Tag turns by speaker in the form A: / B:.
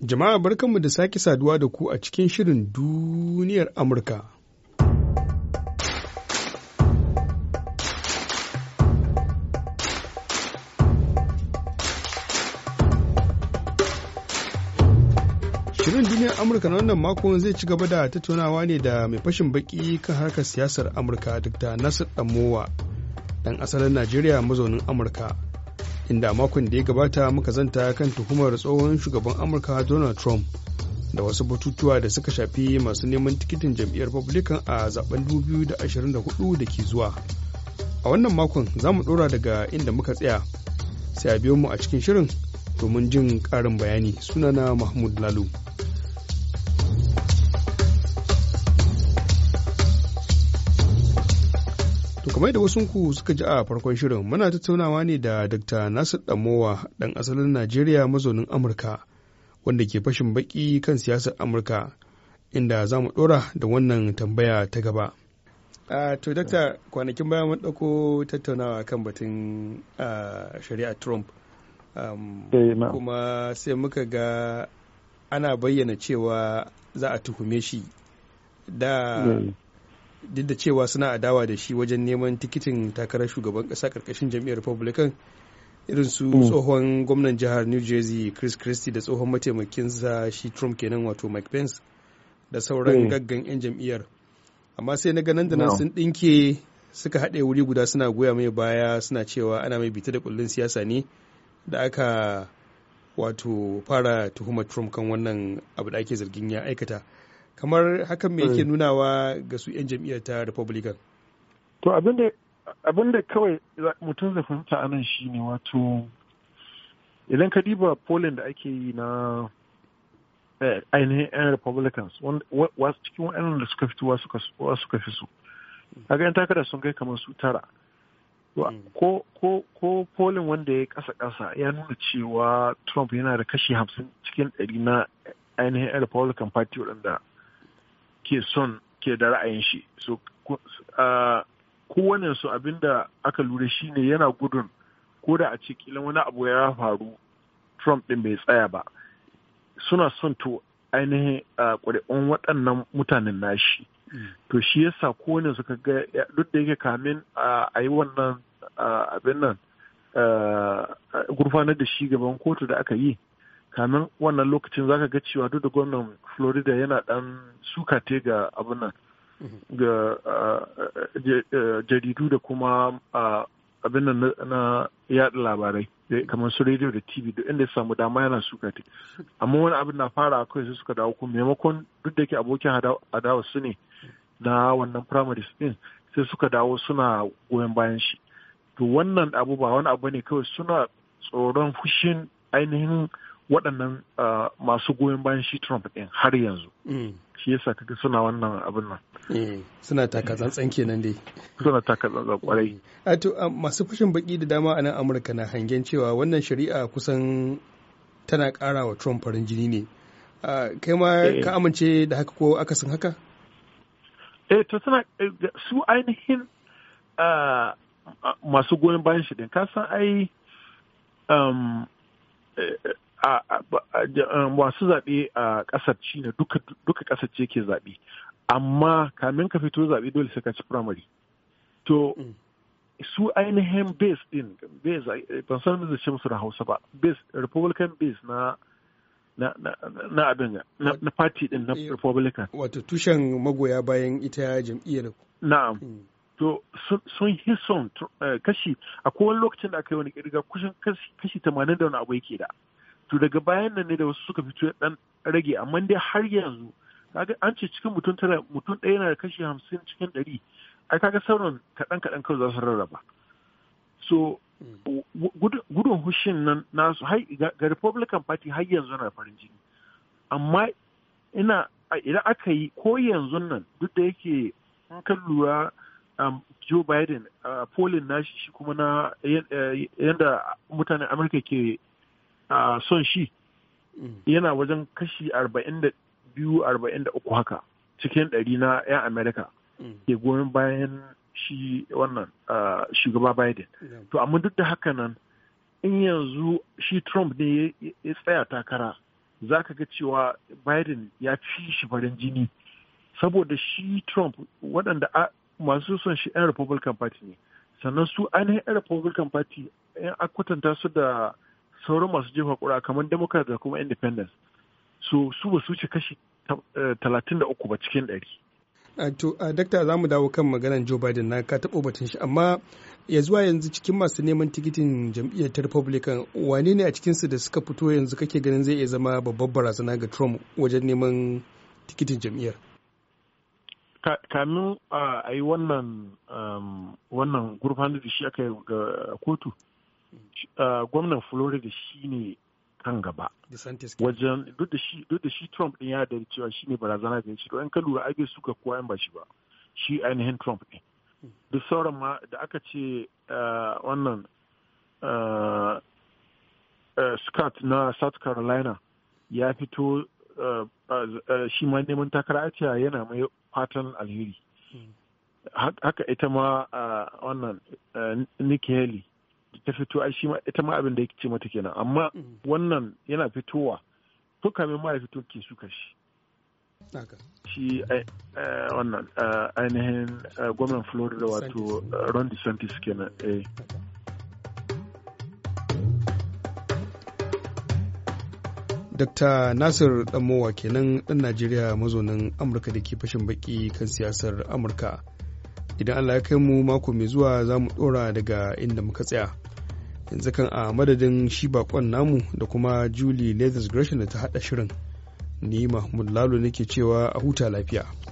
A: Jama'a barkanmu da sake saduwa da ku a cikin shirin duniyar Amurka. Shirin duniyar Amurka na wannan makon zai ci gaba da tattaunawa ne da mai fashin baki kan harkar siyasar Amurka Dr. Nasir Damowa, ɗan asalin Najeriya mazaunin Amurka. inda makon da ya gabata muka zanta kan tuhumar tsohon shugaban amurka donald trump da wasu batutuwa da suka shafi masu neman tikitin jam'iyyar republican a zaben 2024 da ke zuwa a wannan makon za mu ɗora daga inda muka tsaya sai a biyo mu a cikin shirin domin jin ƙarin bayani sunana mahmud lalu kamar da wasu ku suka ji a farkon shirin muna tattaunawa ne da dr nasir damowa dan asalin najeriya mazaunin amurka wanda ke fashin baki kan siyasar amurka inda za mu dora da wannan tambaya ta gaba to dakta kwanakin bayan mun ɗauko tattaunawa kan batun shari'a trump eh, kuma sai muka ga ana bayyana cewa za a tuhume shi da eh. duk da cewa suna adawa da shi wajen neman tikitin takarar shugaban kasa karkashin jam'iyyar republican irin su hmm. tsohon gwamnan jihar new jersey chris christie da tsohon mataimakinsa shi trump kenan wato mike pence da sauran hmm. gaggan 'yan jam'iyyar amma sai na ganin da nan sun ɗinke suka haɗe wuri guda suna goya mai baya suna cewa ana mai bita da kullun siyasa ne da aka wato fara tuhumar trump kan wannan abu da ake zargin ya aikata kamar hakan me yake eh. nunawa ga su 'yan jam'iyyar ta republican to abin da kawai mutum zai fahimta
B: a nan shi ne wato idan ka diba polling da ake yi na eh, ainihin 'yan republicans wasu cikin wa'annan da suka fito wasu suka fi su ga 'yan takarar sun kai kamar su tara hmm. ko ko polin wanda ya kasa kasa ya nuna cewa trump yana da kashi hamsin cikin dari na ainihin republican party waɗanda ke son ke da ra'ayin shi so uh, kowane su abin da aka lura shine yana gudun ko da a ce kila wani abu ya faru trump din bai tsaya ba suna son to ainihin uh, ƙuri'un waɗannan mutanen nashi mm. to shi yasa kowane suka ga duk da yake kamin uh, a yi wannan abin nan gurfanar da shi gaban kotu da aka yi kamin wannan lokacin zaka ga cewa duk da gwamnan florida yana dan sukate te ga abin mm-hmm. ga jaridu da kuma abin na yada labarai kamar su rediyo da tv duk inda ya samu dama yana suka amma wani abin na fara akwai su suka dawo kuma maimakon duk da ke abokin adawa su ne na wannan primaries din sai suka dawo suna goyon bayan shi to wannan abu ba wani abu ne kawai suna tsoron fushin ainihin waɗannan ah,
A: masu goyon bayan shi Trump ɗin har yanzu. Mm. Shi yasa kaga suna wannan abin nan. Mm. Suna taka tsantsan kenan dai. Suna taka tsantsan kwarai. Mm. to ah, masu fushin baki da dama a nan Amurka na hangen cewa wannan shari'a kusan tana ƙara wa Trump farin jini ne. Ah, kai ma eh. ka amince da haka ko akasin haka? Eh
B: to tana su ainihin masu goyon bayan shi ɗin kasan ai um, eh, Um, masu zaɓe a ƙasar China duka ƙasar ce ke zaɓe. Amma kamin ka fito zaɓe dole sai ka ci firamare. To mm. su ainihin base din base ban san da ce musu da Hausa ba
A: base Republican base na na abin na, na party din na eh, Republican. Wato tushen magoya bayan ita jam'iyyar. Na'am. Mm. to sun yi son eh, kashi a kowane lokacin
B: da aka yi wani kirga kusan kashi tamanin da wani abu yake da to daga bayan nan ne da wasu suka fito dan rage amma dai har yanzu kaga an ce cikin mutum tara mutum ɗaya yana da kashi hamsin cikin ɗari ai kaga sauran kaɗan kaɗan kawai za su rarraba so gudun hushin nan nasu ga republican party har yanzu na farin jini amma ina idan aka yi ko yanzu nan duk da yake in kan lura um, joe biden uh, polin nashi shi kuma na eh, eh, yadda mutanen amurka ke son shi yana wajen kashi arba'in da haka cikin ɗari na 'yan amerika ke goyon bayan shi wannan shugaba biden to amma duk da haka nan in yanzu shi trump ne ya tsaya takara za ka ga cewa biden ya fi shi farin jini saboda shi trump waɗanda masu son shi 'yan republican party ne sannan su ainihin 'yan republican party 'yan akwatanta su da sauran masu jefa kura kamar democrat da kuma independence so su ba su ce kashi eh, talatin da ba cikin ɗari
A: to uh, dakta za mu dawo kan maganar joe biden na ka taɓo batun shi amma ya zuwa yanzu cikin masu neman tikitin jam'iyyar ta republican wane ne a cikinsu da suka fito yanzu kake ganin zai iya zama babbar barazana ga trump wajen neman tikitin jam'iyyar
B: kamin a yi wannan gurfan um, gurfanar da shi aka yi ga kotu Uh, gwamnan Florida ne kan gaba.
A: Wajen
B: duk da shi Trump ɗin ya da cewa ne barazana da shi to in ka lura ai su ga kowa ba shi ba. Shi ainihin Trump ɗin hmm. Duk sauran ma da aka ce uh, wannan uh, Scott na South Carolina ya fito shi ma neman takara yana mai fatan alheri. Hmm. Haka ita ma wannan Nikki Haley ta fito ai shi ma ita ma abin da yake ce mata kenan amma mm-hmm. wannan yana fitowa to kamin ma ya fito ke suka shi shi eh, eh, wannan eh, ainihin gwamnan florida wato ron desantis kenan eh
A: Dr. Nasir Damowa kenan ɗan Najeriya mazaunin Amurka da ke fashin baki kan siyasar Amurka. Idan Allah ya kai mu mako mai zuwa za mu ɗora daga inda muka tsaya. yanzu kan a madadin shi bakon namu da kuma julie leathers gresham da ta hada shirin ni mahmud lalo nake cewa a huta lafiya